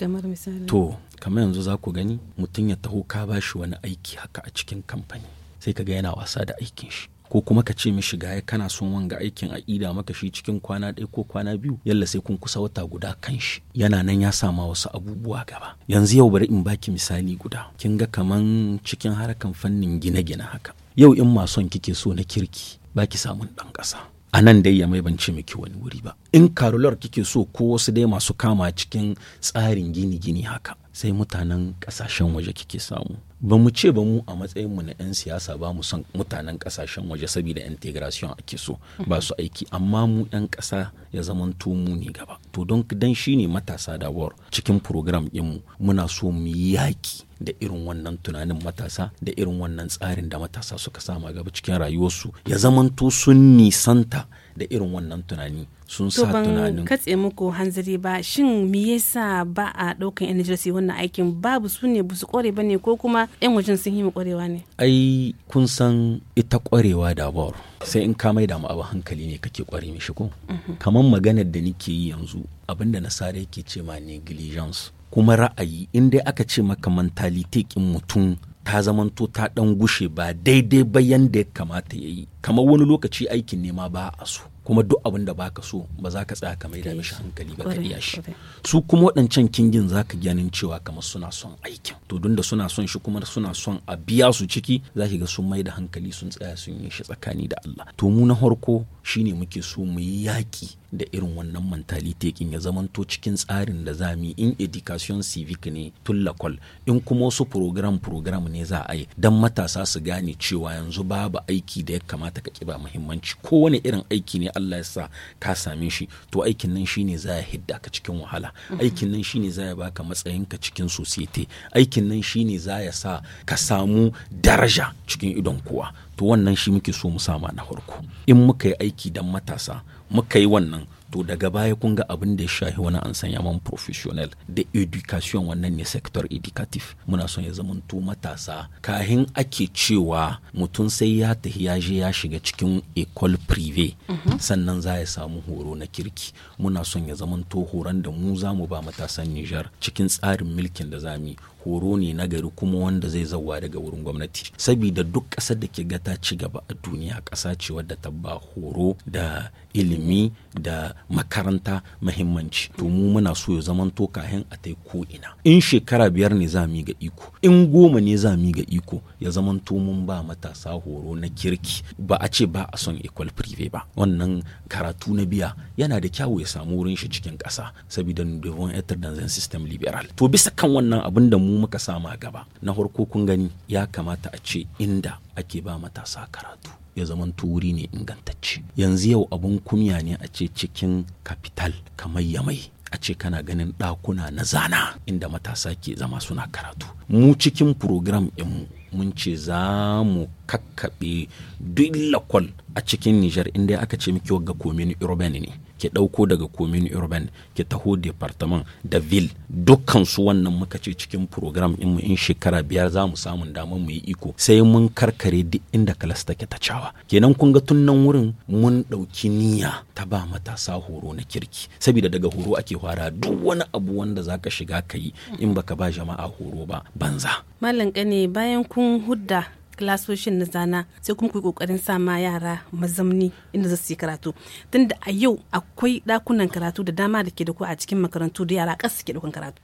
to, kamar yanzu za ku gani mutum ya taho ka ba shi wani aiki haka a cikin kamfani sai ka ga yana wasa da aikin shi ko kuma ka ce mishi gaya kana son wanga aikin a ida maka shi cikin kwana ɗaya ko kwana biyu yalla sai kun kusa wata guda kan shi yana nan ya sama wasu abubuwa gaba yanzu yau bari in baki misali guda kin ga kaman cikin harkan fannin gine-gine haka yau in mason kike so na kirki baki samun ɗan ƙasa a nan dai ya mai bance miki wani wuri ba in karular kike so ko wasu dai masu kama cikin tsarin gini gini haka sai mutanen kasashen waje kike samu ba mu ce ba mu a matsayinmu na 'yan siyasa ba mu son mutanen kasashen waje saboda integration ake so ba su aiki amma mu 'yan ƙasa ya zamanto mu ne gaba to don dan shi ne matasa da war cikin program ɗinmu muna so mu yi yaki da irin wannan tunanin matasa da irin wannan tsarin da matasa suka sama gaba cikin rayuwarsu ya zamanto sun nisanta da irin wannan tunani sun sa tunanin katse muku hanzari ba shin me yasa ba a daukan yan Nijar su wannan aikin babu su ne su kware ba ne ko kuma yan wajen sun yi mu kwarewa ne ai kun san ita kwarewa da bawar sai in ka mai da abu hankali ne kake kware shi ko mhm. kamar maganar da nake yi yanzu abinda nasara yake ce ma negligence kuma ra'ayi in dai aka ce maka mentality kin mutum ta zamanto ta ɗan gushe ba daidai ba yanda ya kamata ya yi kamar wani lokaci aikin nema ba a so kuma duk abin da baka so ba za ka tsaya ka maida da mishi hankali ba ka iya shi su kuma waɗancan kingin za ka ganin cewa kamar suna son aikin to don da suna son shi kuma suna son a biya su ciki za ga sun mai da hankali sun tsaya sun yi shi tsakani da Allah to mu na farko shine muke so mu yi yaƙi da irin wannan mentality kin ya zamanto cikin tsarin da za mu in education civic ne tun lakol in kuma wasu program program ne za a yi dan matasa su gane cewa yanzu babu aiki da ya kamata ka kiba muhimmanci kowane irin aiki ne Allah ya sa ka same shi to aikin nan shine za ya hidda ka cikin wahala mm-hmm. aikin nan shine za ya baka matsayin ka cikin society aikin nan shine za ya sa ka samu daraja cikin idon kowa to wannan shi muke so mu sama na farko in muka yi aiki dan matasa muka yi wannan to daga baya kun ga abin da ya shahi wani man professional da education wannan ne sector educative muna son ya zamanto matasa kahin ake cewa mutum sai ya tafi ya je ya shiga cikin école privé mhm. sannan za ya samu horo na kirki muna son ya zamanto horon da mu za mu ba matasan Nijar cikin tsarin mulkin da za mu horo ne na gari kuma wanda zai zauwa daga wurin gwamnati sabida duk ƙasar da ke gata ta ci gaba a duniya ƙasa ce wadda ta ba horo da ilimi da makaranta mahimmanci to mu muna so ya zaman to kahin a tai ko ina in shekara biyar ne za mu ga iko in goma ne za mu ga iko ya zaman to mun ba matasa horo na kirki ba a ce ba a son equal prive ba wannan karatu na biya yana da kyawu ya samu wurin shi cikin kasa saboda nous devons être dans un système libéral to bisa kan wannan abin da mu muka sama gaba na farko kun gani ya kamata a ce inda ake ba matasa karatu ya zama wuri ne ingantacce yanzu yau abun kumya ne a ce cikin kapital kamar yamai a ce kana ganin ɗakuna na zana inda matasa ke zama suna karatu mu cikin program mu mun ce za mu kakkaɓe duk lakwal a cikin nijar inda aka ce miki wagga komini urban ne ki ɗauko daga komin urban ki taho departement da ville dukkan su wannan muka ce cikin program mu in shekara biyar za mu samun damar mu yi iko sai mun karkare duk inda kalas ke ta cawa kenan kun ga tun nan wurin mun ɗauki niyya ta ba matasa horo na kirki saboda daga horo ake fara duk wani abu wanda zaka shiga ka yi in baka ba jama'a horo ba banza malam kane bayan kun hudda klasoshin na zana sai kuma ku kokarin sa ma yara mazamni inda za su yi karatu tunda a yau akwai dakunan karatu da dama da ke da ku a cikin makarantu da yara kas suke dukan karatu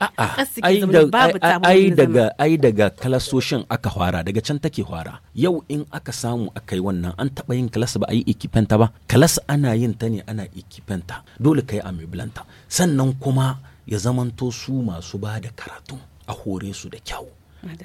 ai daga ai daga klasoshin aka fara daga can take fara yau in aka samu aka wannan an taba yin klas ba a yi ekipenta ba klas ana yin ta ne ana ekipenta dole kai a meblanta sannan kuma ya zamanto su masu ba da karatu a hore su da kyau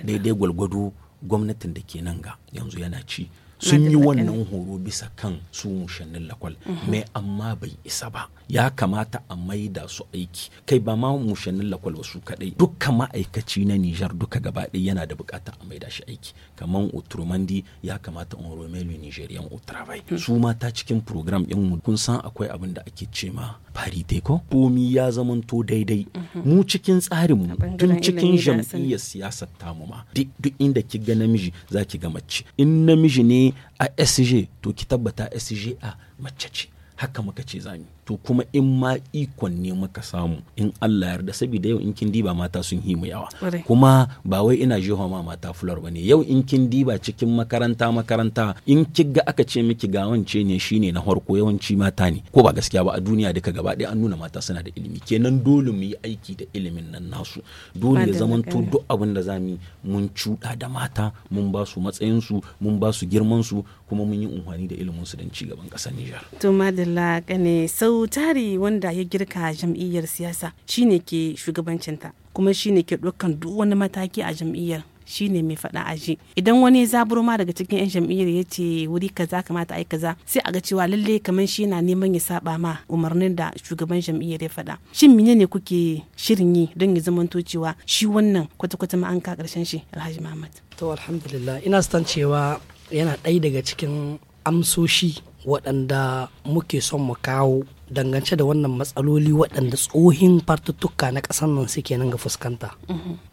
daidai gwalgwado gwamnatin da ke nan ga yanzu yana ci sun yi wannan horo bisa kan su mushannin lakwal mai amma bai isa ba ya kamata a maida su aiki kai ba ma mushannin lakwal wasu kadai dukkan ma'aikaci na nijar duka gaba ɗaya yana da bukata a maida shi aiki kamar uturmandi ya kamata in romelu nijeriyan utravai hmm. su ma cikin program ɗin mu kun san akwai abin da ake ce ma parite ko komi ya zamanto daidai mhm. mu cikin tsarin mu tun cikin jam'iyyar siyasar tamu ma duk inda ki ga namiji zaki ga mace in namiji ne a sg to ki tabbata sg a mace ce haka muka ce zami to kuma in ma ikon ne maka samu in Allah yarda saboda yau in kin diba mata sun yi mu yawa kuma ba wai ina jiho ma mata fular bane yau in kin diba cikin makaranta makaranta in kiga aka ce miki ga wance ne shine na harko yawanci mata ne ko ba gaskiya ba a duniya duka gaba ɗaya an nuna mata suna da ilimi kenan dole mu yi aiki da ilimin nan nasu dole ya zamanto duk abin da zamu mun cuɗa da mata mun ba su matsayin su mun ba su girman su kuma mun yi unhwani da ilimin su don ci gaban ƙasar Nijar to madalla kane sau tari wanda ya girka jam'iyyar siyasa shine ke shugabancinta kuma shine ke dukkan duk wani mataki a jam'iyyar shine mai faɗa aji idan wani ya zaburo ma daga cikin yan jam'iyyar ya ce wuri kaza kamata ai kaza sai a ga cewa lalle kamar shi na neman ya saba ma umarnin da shugaban jam'iyyar ya faɗa shin mine ne kuke shirin yi don ya zamanto cewa shi wannan kwata-kwata ma an ka karshen shi alhaji muhammad to alhamdulillah ina san cewa yana ɗaya daga cikin amsoshi waɗanda muke son mu kawo dangance da wannan matsaloli waɗanda tsohin fartuttuka na ƙasar nan suke nan ga fuskanta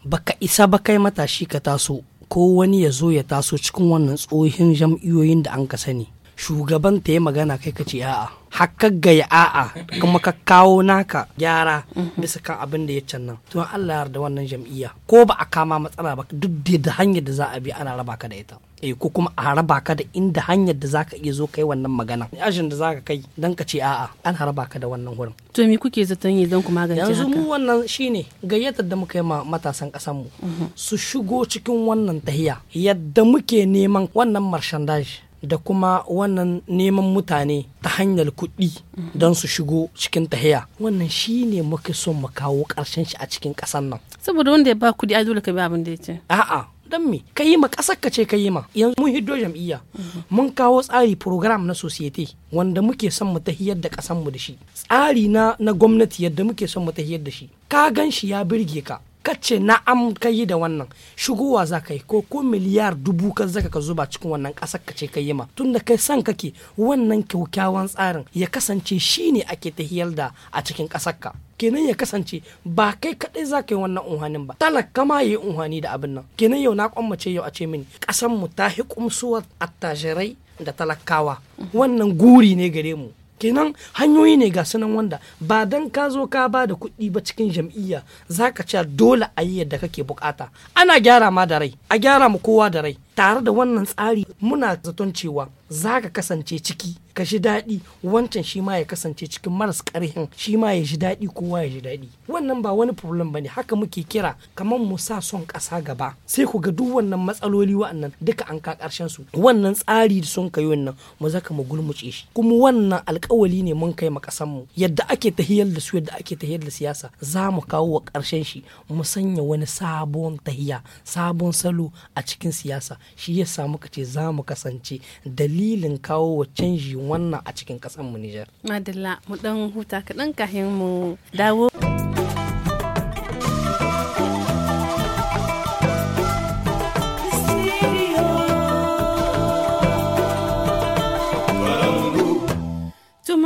baka isa ba kai matashi ka taso ko wani ya zo ya taso cikin wannan tsohin jam'iyoyin da an ka sani shugaban ta yi magana kai ka ce a'a hakka ga a'a kuma ka kawo naka gyara bisa kan abin da ya can nan to Allah yarda wannan jam'iyya ko ba a kama matsala ba duk da hanyar da za a bi ana raba ka da ita Eh, ko kuma a haraba ka da inda hanyar da zaka iya zo kai wannan magana ajin da zaka kai dan ka ce a'a an haraba ka da wannan wurin to me kuke zaton yi don ku magance haka yanzu mu wannan shine gayyatar da muka yi ma matasan kasan mu mhm. su shigo cikin wannan tahiya yadda muke neman wannan marshandage da kuma wannan neman mutane ta hanyar kuɗi mhm. don su shigo cikin tahiya wannan shi ne muka son mu kawo ƙarshen shi a cikin ƙasar nan saboda wanda ya ba kuɗi a dole ka bi abin da ya ce a'a dan me ka yi ma ƙasar ka ce ka yi ma yanzu mun hiddo jam'iyya mun kawo tsari program na society wanda muke son mu ta hiyar da ƙasar mu da shi tsari na na gwamnati yadda muke son mu ta hiyar da shi ka gan shi ya birge ka ka ce am ka yi da wannan shigowa za ka yi ko ko miliyar dubu ka zaka ka zuba cikin wannan kasar ka ce ka yi ma tunda kai san kake wannan kyaukyawan tsarin ya kasance shi shine ake tahiyar da a cikin kasar ka kenan ya kasance ba kai kaɗai za ka yi wannan unhanin ba talaka ma yi unhani da abin nan kenan yau na kwammace yau a ce mini ƙasar mu ta hi kumsuwar attajirai da talakawa wannan guri ne gare mu kenan hanyoyi ne ga sunan wanda ba dan ka zo ka ba da kuɗi ba cikin jam'iyya zaka ce dole a yi yadda kake bukata ana gyara ma da rai a gyara mu kowa da rai tare da wannan tsari muna zaton cewa za ka kasance ciki ka ji daɗi wancan shi ma ya kasance cikin maras ƙarhin shi ma ya ji daɗi kowa ya ji daɗi wannan ba wani problem bane haka muke kira kamar mu sa son ƙasa gaba sai ku ga duk wannan matsaloli wa'annan duka an ka ƙarshen su wannan tsari da son kayo wannan mu zaka mu gulmuce shi kuma wannan alƙawali ne mun kai ma ƙasan mu yadda ake tahiyar da su yadda ake tahiyar da siyasa za mu kawo wa ƙarshen shi mu sanya wani sabon tahiya sabon salo a cikin siyasa shi ya samu ka ce za mu kasance dalilin kawo wa canji wannan a cikin ƙasar mu Nijar. Madalla mu dan huta kaɗan kahin mu dawo.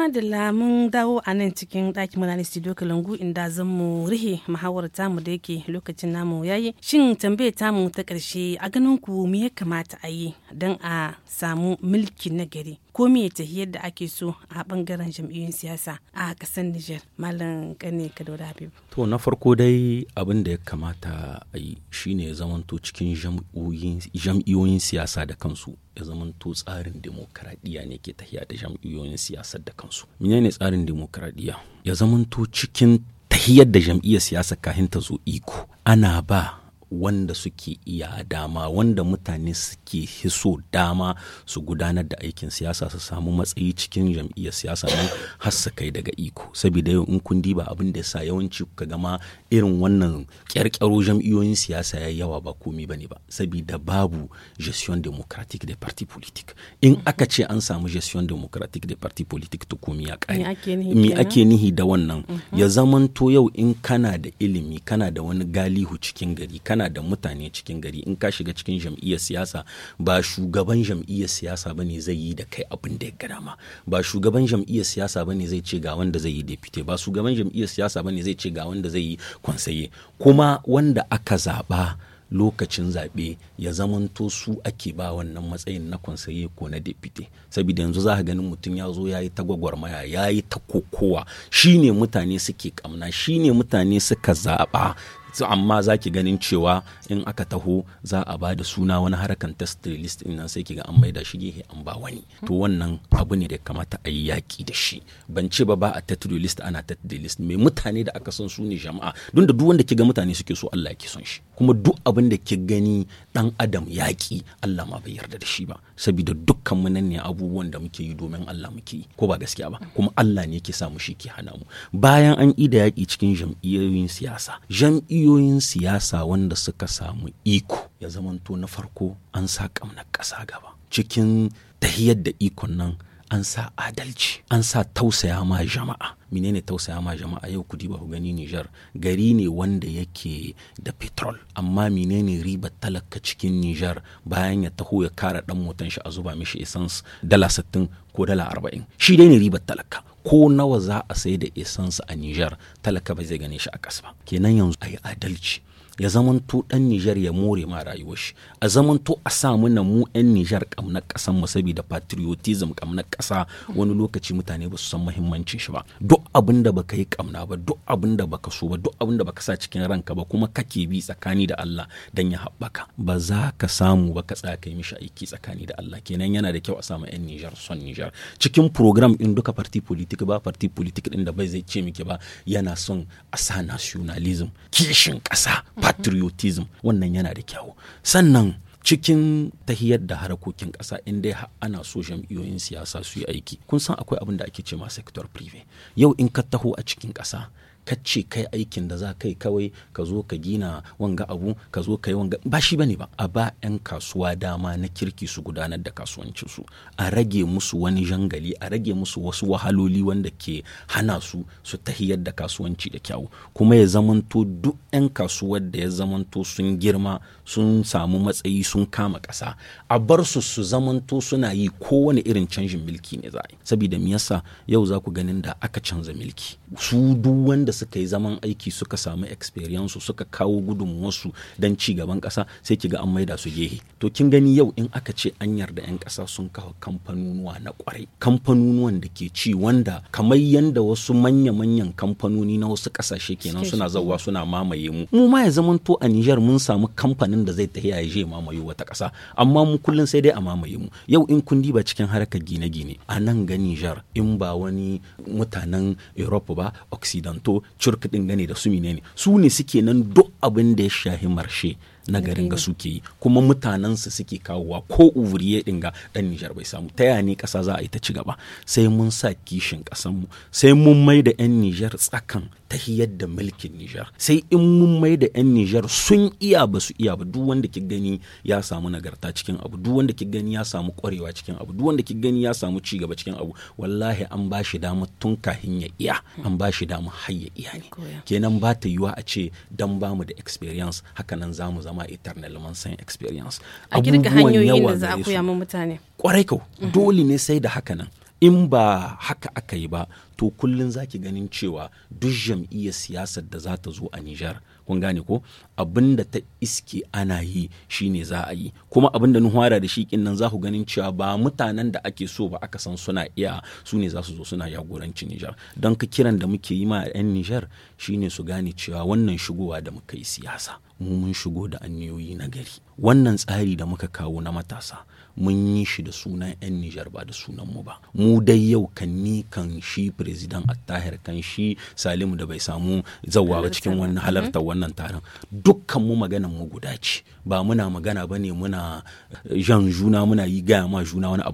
madalla mun dawo a nan cikin ɗakin mana doka kalangu inda zan mu rihe muhawar tamu da yake lokacin namu yi shin tambaye tamu ta ƙarshe a ganin ku me ya kamata a yi don a samu mulki nagari. komi ya tafi yadda ake so a bangaren jam'iyyun siyasa a kasar Nijar malam kane Kadora Habib to na farko dai abin da ya kamata a yi shine ya zamanto cikin jam'iyyoyin siyasa da kansu ya zamanto tsarin demokradiyya ne ke tafiya da jam'iyyoyin siyasar da kansu menene tsarin demokradiyya ya zamanto cikin tahiyar da jam'iyyar siyasa kahin ta zo iko ana ba wanda suke iya dama wanda mutane suke hiso dama su gudanar da aikin siyasa su samu matsayi cikin jam'iyyar siyasa nan har su kai daga iko saboda yau in kun diba abin da yasa yawanci kuka gama irin wannan kyarkyaro jam'iyyoyin siyasa ya yawa ba komi ba ne ba saboda babu gestion democratique des partis politiques in aka ce an samu gestion democratique des partis politiques to komi ya kai mi ake nihi da wannan mhm. ya zamanto yau in kana da ilimi kana da wani galihu cikin gari kana da mutane cikin gari in ka shiga cikin jam'iyyar siyasa ba shugaban jam'iyyar siyasa bane zai yi da kai abin da ya gada ma ba shugaban jam'iyyar siyasa bane zai ce ga wanda zai yi deputy ba shugaban jam'iyyar siyasa bane zai ce ga wanda zai yi kwansaye kuma wanda aka zaba lokacin zaɓe ya zamanto su ake ba wannan matsayin na kwansaye ko na deputy saboda yanzu za ka ganin mutum ya zo ya yi ta gwagwarmaya ya yi ta kokowa shine mutane suke kamna shine mutane suka zaɓa amma za ki ganin cewa in aka taho za a ba da suna wani harakan test list ina sai ki ga an maida shi gehe an ba wani to wannan abu ne da kamata a yi yaƙi da shi ban ce ba ba a test list ana test list mai mutane da aka son su ne jama'a don da duk wanda ki ga mutane suke so Allah ya ki son shi kuma duk abin da ki gani dan adam yaƙi Allah ma bai yarda da shi ba saboda dukkan mu nan ne abubuwan da muke yi domin Allah muke yi ko ba gaskiya ba kuma Allah ne yake sa mu shi ke hana mu bayan an ida yaki cikin jam'iyyoyin siyasa jam'iyyoyin siyasa wanda suka samu iko ya zamanto na farko an sa ƙamnar ƙasa gaba cikin tahiyar da ikon nan an sa adalci an sa tausaya ma jama'a menene tausaya ma jama'a yau kudi ba ku gani Nijar gari ne wanda yake da petrol amma menene ribar talaka cikin Nijar bayan ya taho ya kara dan motan shi a zuba mishi essence dala 60 ko dala 40 shi dai ne ribar talaka ko nawa za a sai da essence a Nijar talaka ba zai gane shi a kasa ba kenan yanzu yi adalci ya zamanto ɗan Nijar ya more ma rayuwar shi a zamanto a sa muna mu yan Nijar kamnar kasan mu saboda patriotism kamnar kasa wani lokaci mutane ba su san muhimmancin shi ba duk abin da baka yi kamna ba duk abin da baka so ba duk abin da baka sa cikin ranka ba kuma kake bi tsakani da Allah dan ya haɓaka ba za ka samu ba ka tsaya kai mishi aiki tsakani da Allah kenan yana da kyau a samu yan Nijar son Nijar cikin program din duka party politik ba party politik din da bai zai ce miki ba yana son a sa nationalism kishin kasa patriotism wannan yana da kyau sannan cikin tahiyar da harakokin ƙasa in dai ana so jam'iyyoyin siyasa su yi aiki kun san akwai abin da ake ce ma sector prive yau in ka taho a cikin ƙasa kacce kai aikin da za kai kawai ka zo ka gina wanga abu ka zo ka yi wanga ba shi bane ba a ba 'yan kasuwa dama na kirki su gudanar da kasuwancin su a rage musu wani jangali a rage musu wasu wahaloli wanda ke hana su su tahiyar da kasuwanci da kyau kuma ya zamanto duk 'yan kasuwar da ya zamanto sun girma sun samu matsayi sun kama ƙasa a bar su su zamanto suna yi kowane irin canjin milki ne za a yi saboda me yasa yau za ku ganin da aka canza milki su duk wanda suka yi zaman aiki suka samu experience suka kawo gudunmuwarsu don ci gaban ƙasa sai ki ga an maida su gehe to kin gani yau in aka ce an yarda 'yan ƙasa sun kawo kamfanunuwa na kwarai kamfanunuwan da ke ci wanda kamar yanda wasu manya-manyan kamfanoni na wasu ƙasashe kenan suna zauwa suna mamaye mu mu ma ya zamanto a Nijar mun samu kamfanin da zai tafiya ya je mamaye wata ƙasa amma mu kullum sai dai a mamaye mu yau in kun diba cikin harkar gine-gine a nan ga Nijar in ba wani mutanen Europe ba Occidental curk din ne da su ne su ne suke nan duk abin da ya shahi marshe na garin ga suke yi kuma mutanensu suke kawowa ko uvuriye din ga dan Nijar bai samu ta yane kasa za a yi ta ci gaba sai mun sa kishin kasanmu sai mun mai da 'yan Nijar tsakan tahiyar da mulkin Nijar sai in mun mai da 'yan Nijar sun iya ba su iya ba duk wanda ki gani ya samu nagarta cikin abu duk wanda ki gani ya samu kwarewa cikin abu duk wanda ki gani ya samu ci gaba cikin abu wallahi an ba shi dama tun kahin ya iya an ba shi dama har ya iya ne kenan ba ta yiwa a ce dan ba mu da experience hakanan za mu zama eternal man san experience a kirga hanyoyin da za a koya mutane kwarai kau mhm. dole ne sai da hakanan in ba haka aka yi ba to kullum za ki ganin cewa duk jam'iyyar siyasar da za ta zo a Nijar kun gane ko abin da ta iske ana yi shine za a yi kuma abin da nuhwara da shi kinnan nan za ku ganin cewa ba mutanen da ake so ba aka san suna iya su ne za su zo suna jagoranci Nijar don ka kiran da muke yi ma 'yan Nijar shine su gane cewa wannan shigowa da muka yi siyasa mu mun shigo da anniyoyi na gari wannan tsari da muka kawo na matasa mun yi shi da sunan 'yan Nijar ba da sunan mu ba. Mu dai yau kan ni kan shi Firizidan Attahir kan shi Salimu da bai samu zawa ba cikin wannan halartar wannan taron. Dukkan mu maganan mu guda ce. Ba muna magana ba ne muna eh, jan juna muna yi gaya ma juna wani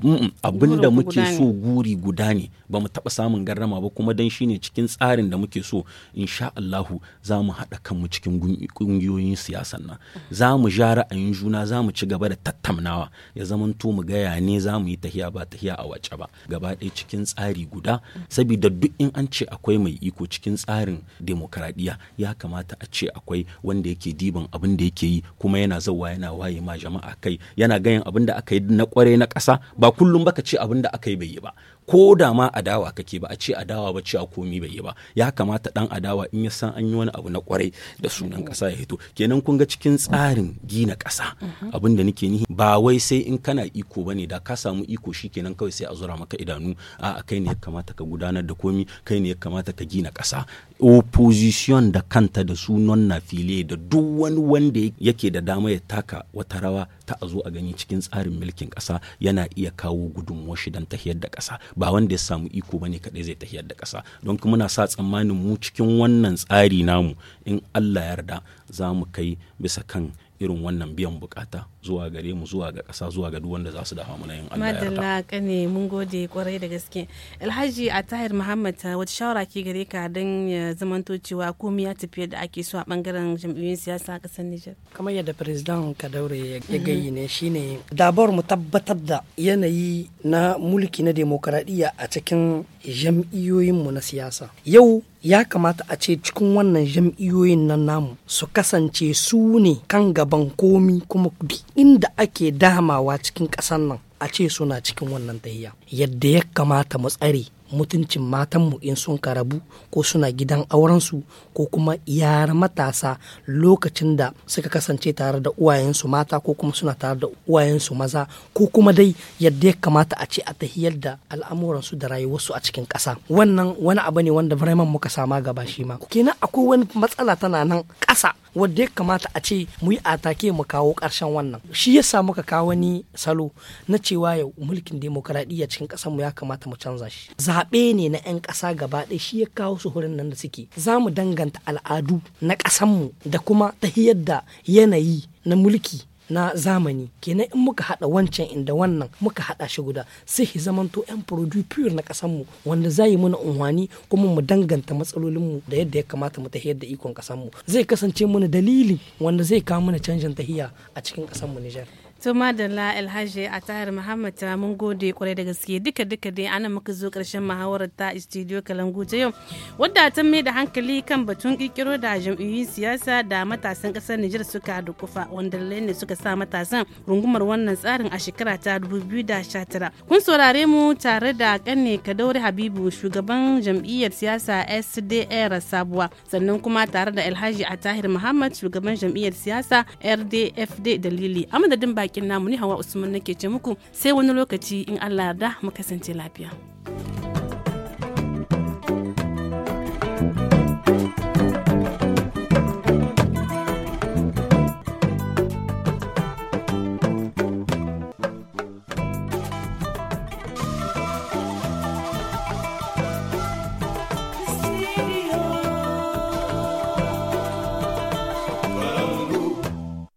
Abin da muke so guri guda ne. ba mu taɓa samun garrama ba kuma dan shine cikin tsarin da muke so insha Allahu za mu haɗa kanmu cikin ƙungiyoyin siyasan nan za mu ja ra'ayin juna za mu ci gaba da tattaunawa ya zamanto mu gaya ne za mu yi tahiya ba tahiya a wace ba gaba ɗaya cikin tsari guda saboda duk in an ce akwai mai iko cikin tsarin demokradiyya ya kamata a ce akwai wanda yake diban abin da yake yi kuma yana zauwa yana waye ma jama'a kai yana gayan abin da aka yi na kware na ƙasa ba kullum baka ce abin da aka yi bai yi ba ko da ma adawa kake ba a ce adawa ba cewa komi bai yi ba ya kamata dan adawa in ya san an yi wani abu na kwarai da sunan kasa mm. ya hito kenan kun ga cikin tsarin gina kasa mm-hmm. abin da nake nihi ba wai sai in kana iko bane da ka samu iko shi kenan kawai sai a zura maka idanu a kai ne ya kamata ka gudanar da komi kai ne ya kamata ka gina kasa opposition da kanta da sunan na file da duk wani wanda yake da dama ya taka wata rawa ta a zo a gani cikin tsarin mulkin kasa yana iya kawo gudunmuwa shi dan tahiyar da kasa ba wanda ya samu iko bane kadai zai tafiyar da ƙasa don kuma muna sa tsammanin mu cikin wannan tsari namu in Allah yarda za mu kai bisa kan irin wannan biyan bukata zuwa gare mu zuwa ga ƙasa zuwa ga duk wanda za su dafa muna yin Allah ya yarda. mun gode kwarai da gaske. Alhaji Atahir Muhammad wata shawara ke gare ka don ya zamanto cewa komai ya tafi yadda ake so a bangaren jam'iyyun siyasa a ƙasar Nijar. Kamar yadda president Kadaure ya mhm. gayi ne shine dabar mu tabbatar da yanayi na mulki na demokaradiyya a cikin jam'iyyoyin mu na siyasa. Yau ya kamata a ce cikin wannan jam'iyoyin nan namu su kasance su ne kan gaban komi kuma bi. inda ake damawa cikin ƙasar nan a ce suna cikin wannan tahiya yadda ya kamata mu tsare mutuncin matanmu in sun karabu ko suna gidan aurensu ko kuma yara matasa lokacin da suka kasance tare da uwayensu mata ko kuma suna tare da uwayensu maza ko kuma dai yadda ya kamata a ce a tahiyar da al'amuransu da rayuwarsu a cikin ƙasa wannan wani abu ne wanda vraiment muka sama gaba shi ma kenan akwai wani matsala tana nan ƙasa wadda ya kamata a ce mu yi atake mu kawo ƙarshen wannan shi ya sa muka kawo wani salo na cewa yau mulkin demokaradiyya cikin mu ya kamata mu canza shi zaɓe ne na 'yan ƙasa gaba ɗaya shi ya kawo su hurin nan da suke za mu danganta al'adu na mu da kuma ta da yanayi na mulki na zamani kenan in muka hada wancan inda wannan muka hada shi guda sai hi zamanto yan produit pure na kasan mu wanda zai mana unhwani kuma mu danganta matsalolin mu da yadda ya kamata mu tafiyar da ikon kasan mu zai kasance mana dalili wanda zai kawo mana canjin tahiya a cikin kasan mu Niger to madalla alhaji a tahir muhammad ta mun gode kwarai da gaske duka duka dai ana muka zo karshen muhawarar ta studio kalangu ta yau wadda ta mai da hankali kan batun kirkiro da jam'iyyun siyasa da matasan kasar nijar suka kufa wanda ne suka sa matasan rungumar wannan tsarin a shekara ta 2019 kun saurare mu tare da kanne kadauri habibu shugaban jam'iyyar siyasa sdr sabuwa sannan kuma tare da alhaji a tahir muhammad shugaban jam'iyyar siyasa rdfd dalili amadadin baki bakin namu ni hawa usman nake ce muku sai wani lokaci in allah da mu kasance lafiya.